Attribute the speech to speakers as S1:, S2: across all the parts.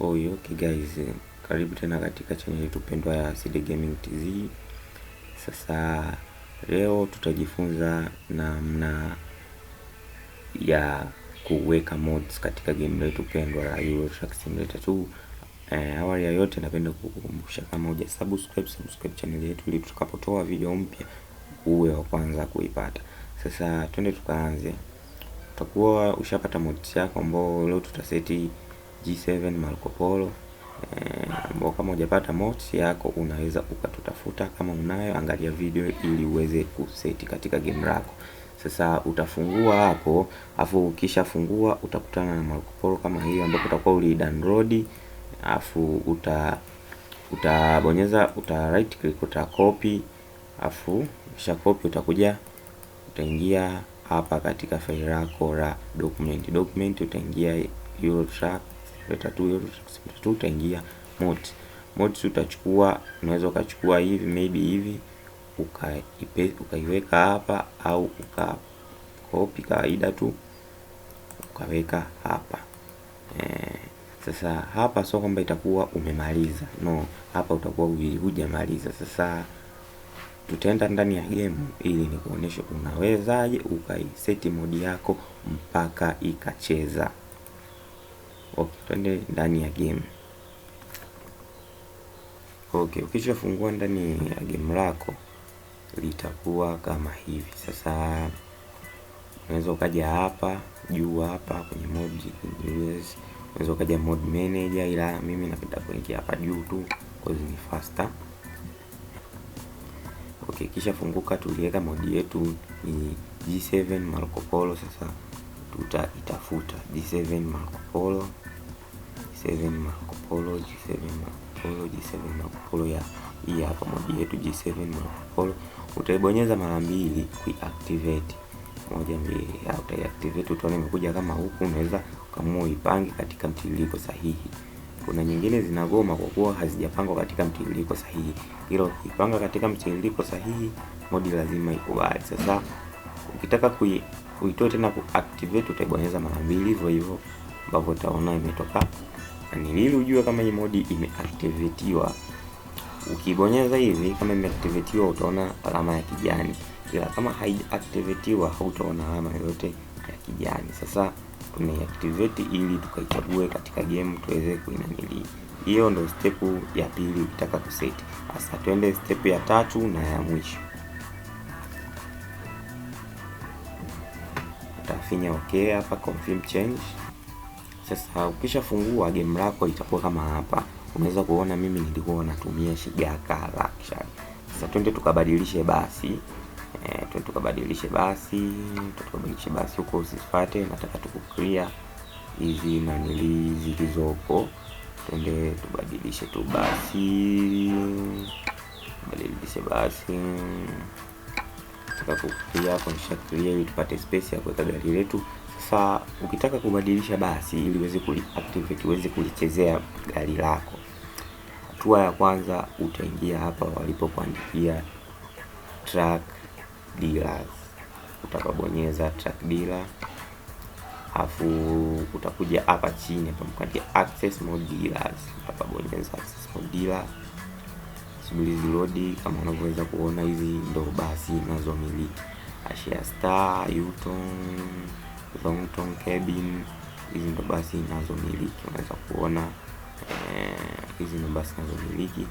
S1: Oh, yo, okay guys, karibu tena katika channel yetu pendwa ya CD Gaming TZ. Sasa leo tutajifunza namna ya kuweka mods katika game letu pendwa la Euro Truck Simulator 2. Eh, awali ya yote napenda kukukumbusha kama uja subscribe, subscribe channel yetu ili tukapotoa video mpya uwe wa kwanza kuipata. Sasa twende tukaanze. Utakuwa ushapata mods yako ambao leo tutaseti G7 Marco Polo eh, ambao e, kama hujapata mods yako unaweza ukatutafuta. Kama unayo angalia video ili uweze kuseti katika game lako. Sasa utafungua hapo, afu ukishafungua utakutana na Marco Polo kama hiyo ambapo utakuwa uli download, afu uta utabonyeza uta right click uta copy, afu kisha copy utakuja utaingia hapa katika faili lako la document document, utaingia Eurotrack leta 2 hiyo 2 utaingia mode mode utachukua, unaweza ukachukua hivi maybe hivi ukaipe ukaiweka hapa au uka copy kawaida tu ukaweka hapa e. Sasa hapa sio kwamba itakuwa umemaliza, no, hapa utakuwa hujamaliza. Sasa tutaenda ndani ya game ili nikuoneshe unawezaje ukaiseti modi yako mpaka ikacheza. Okay, twende ndani ya game. Okay, ukishafungua ndani ya game lako litakuwa kama hivi. Sasa unaweza ukaja hapa juu hapa kwenye mod users, unaweza ukaja mod manager, ila mimi napenda kuingia hapa juu tu cause ni faster. Okay, kisha funguka, tuliweka modi yetu ni G7 Marco Polo. Sasa tutaitafuta G7 Marco Polo. G7 G7 makopolo G7 makopolo ya hii hapa modi yetu G7 makopolo, Utaibonyeza mara mbili kuiactivate. Moja mbili, au utaiactivate, utaona imekuja kama huku, unaweza ukamua uipange katika mtiririko sahihi. Kuna nyingine zinagoma kwa kuwa hazijapangwa katika mtiririko sahihi, hilo ipanga katika mtiririko sahihi modi lazima ikubali. Sasa ukitaka kui kuitoa tena kuactivate, utaibonyeza mara mbili hivyo hivyo ambavyo utaona imetoka ujue kama hii modi imeactivatiwa. Ukibonyeza hivi kama imeactivatiwa, utaona alama ya kijani, ila kama haijaactivatiwa hautaona alama yoyote ya kijani. Sasa tumeactivate ili tukaichague katika game tuweze kuinanili. Hiyo ndo step ya pili ukitaka kuseti. Sasa twende step ya tatu na ya mwisho. Utafinya okay hapa confirm change sasa ukishafungua game lako itakuwa kama hapa, unaweza kuona mimi nilikuwa natumia Shigaka Rakshak. Sasa twende tukabadilishe basi e, twende tukabadilishe basi, tukabadilishe basi huko, usifate nataka tukuclear hizi nanili zilizoko, twende tubadilishe tu basi, tubadilishe basi taka kuclear hapo, nisha clear ili tupate space ya kuweka gari letu. Sasa ukitaka kubadilisha basi, ili uweze kuactivate uweze kulichezea gari lako, hatua ya kwanza utaingia hapa walipokuandikia truck dealers, utakabonyeza truck dealer, afu utakuja hapa chini pamkatia access mode dealers, utakabonyeza access mode dealer, subiri zilodi. Kama unavyoweza kuona hizi ndo basi nazomiliki Ashia Star, Yutong long tom cabin. Hizi ndo basi ninazomiliki, unaweza kuona eh, hizi eh, ndo basi ninazomiliki.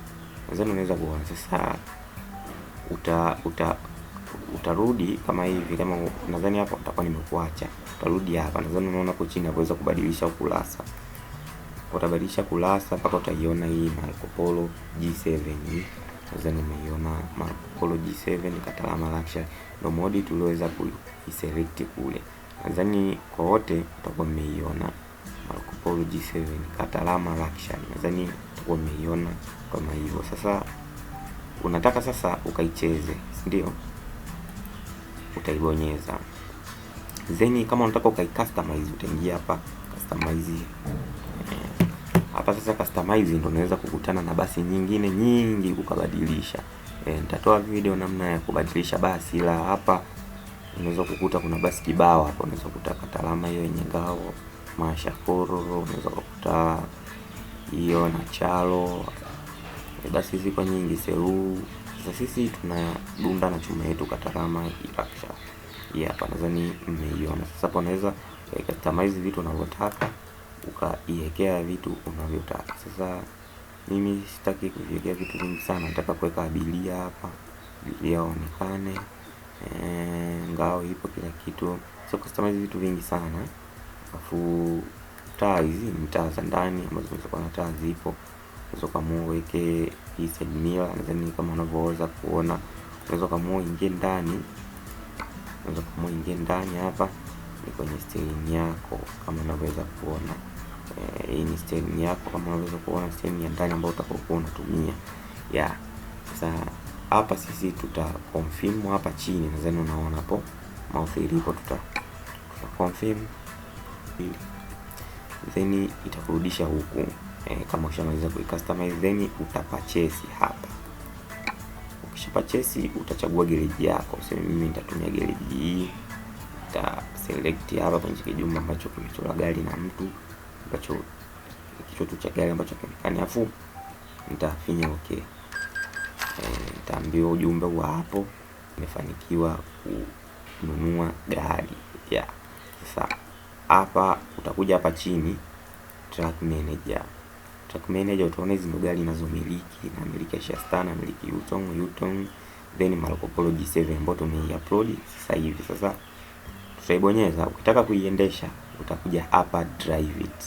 S1: Nadhani unaweza kuona sasa, uta uta utarudi kama hivi, kama nadhani hapa utakuwa nimekuacha, utarudi hapa. Nadhani unaona hapo chini unaweza kubadilisha ukurasa, utabadilisha kurasa mpaka utaiona hii Marco Polo G7 Sasa nimeiona Marco Polo G7 Katalama Luxury, ndo modi tulioweza kuiselect kule nadhani kwa wote utakuwa mmeiona Marco Polo G7 Katalama Luxury, nadhani utakuwa mmeiona kama hivyo. Sasa unataka sasa ukaicheze, ndio utaibonyeza, then kama unataka ukai customize utaingia hapa customize eh, hapa sasa customize ndio unaweza kukutana na basi nyingine nyingi ukabadilisha. E, nitatoa video namna ya kubadilisha basi la hapa unaweza kukuta kuna basi kibao hapo, unaweza kukuta Katalama hiyo yenye ngao Mashakuru, unaweza kukuta hiyo na Chalo. E, basi ziko nyingi Seru. Sasa sisi tunadunda na chuma yetu Katalama Iraksha hii hapa, nadhani mmeiona. Sasa hapo unaweza e, customize vitu unavyotaka ukaiwekea vitu unavyotaka. Sasa mimi sitaki kuviwekea vitu vingi sana, nataka kuweka abiria hapa, abiria waonekane Eh, ngao ipo, kila kitu. So customize vitu vingi sana, afu taa hizi ni taa za ndani ambazo unaweza kuona taa zipo, unaweza kama uweke hii side mirror, nadhani kama unavyoweza kuona, unaweza kama uingie ndani, unaweza kama uingie ndani hapa ni kwenye steering yako kama unavyoweza kuona eh, hii ni steering yako kama unaweza kuona steering ya ndani ambayo utakokuwa unatumia yeah. Sasa hapa sisi tuta confirm hapa chini, nadhani unaona hapo mouse ilipo, tuta, tuta confirm hili, then itakurudisha huku e, kama ushamaliza ku customize then utapachesi hapa. Ukisha pachesi utachagua gereji yako, useme mimi nitatumia gereji hii, nita select hapa kwenye kijumba ambacho kimechora gari na mtu ambacho kichotu cha gari ambacho kionekana, afu nitafinya okay nitaambiwa eh, ujumbe wa hapo nimefanikiwa kununua gari ya yeah. Sasa hapa utakuja hapa chini track manager. Track manager utaona hizi ndo gari ninazomiliki na miliki ya Shasta na miliki Yutong Yutong then Marco Polo G7 ambayo tumeiupload sasa hivi. Sasa tutaibonyeza, ukitaka kuiendesha utakuja hapa drive it,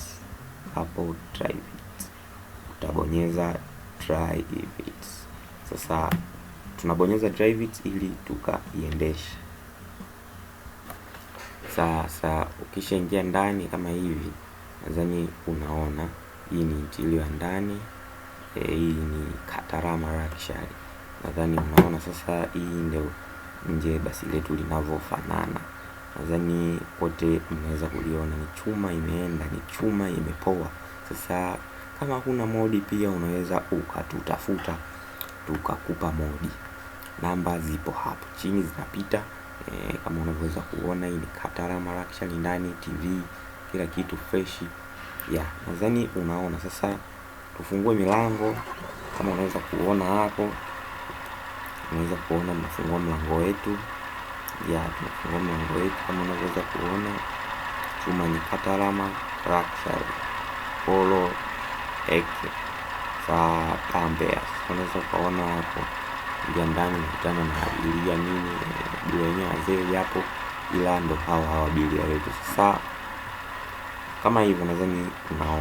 S1: hapo drive it utabonyeza drive it. Sasa tunabonyeza drive it ili tukaiendeshe. Sasa ukishaingia ndani kama hivi, nadhani unaona hii ni interior ndani e, hii ni Katarama Luxury. Nadhani unaona sasa, hii ndio nje basi letu linavyofanana. Nadhani wote mnaweza kuliona, ni chuma imeenda, ni chuma imepoa. Sasa kama kuna modi pia unaweza ukatutafuta tukakupa modi. Namba zipo hapo chini zinapita e, kama unavyoweza kuona hii ni Katara Maraksha ndani TV kila kitu fresh ya nadhani unaona. Sasa tufungue milango kama unaweza kuona hapo, unaweza kuona tunafungua mlango wetu ya tunafungua mlango wetu kama unaweza kuona chuma ni Katara Maraksha Polo X pambe unaweza ukaona hapo ndani nakutana na abiria nini abiria eh, wenyewe wazee hapo, ila ndo hao hao abiria wetu. Sasa kama hivyo, nadhani unaona,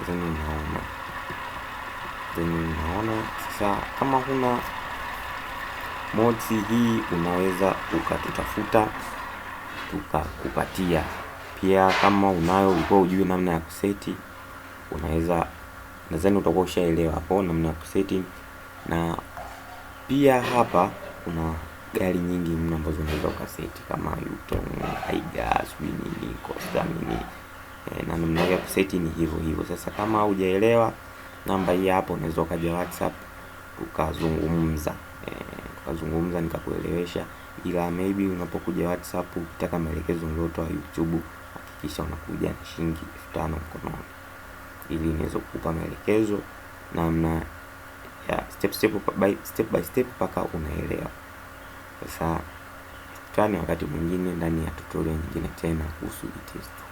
S1: nadhani unaona, nadhani unaona. Sasa kama huna mozi hii, unaweza ukatutafuta tukakupatia. Pia kama unayo ulikuwa ujui namna ya kuseti, unaweza nadhani utakuwa ushaelewa hapo namna ya kuseti, na pia hapa kuna gari nyingi mno ambazo unaweza ukaseti kama Yutong, Aiga, sijui nini, Costa nini e, na namna ya kuseti ni hivyo hivyo. Sasa kama hujaelewa, namba hii hapo, unaweza ukaja WhatsApp tukazungumza, e, eh, tukazungumza nikakuelewesha, ila maybe unapokuja WhatsApp ukitaka maelekezo niliotoa YouTube hakikisha unakuja na shilingi elfu tano mkononi ili niweze kukupa maelekezo namna ya step, step by step by step mpaka unaelewa. Sasa tutane wakati mwingine ndani ya tutorial nyingine tena kuhusu ets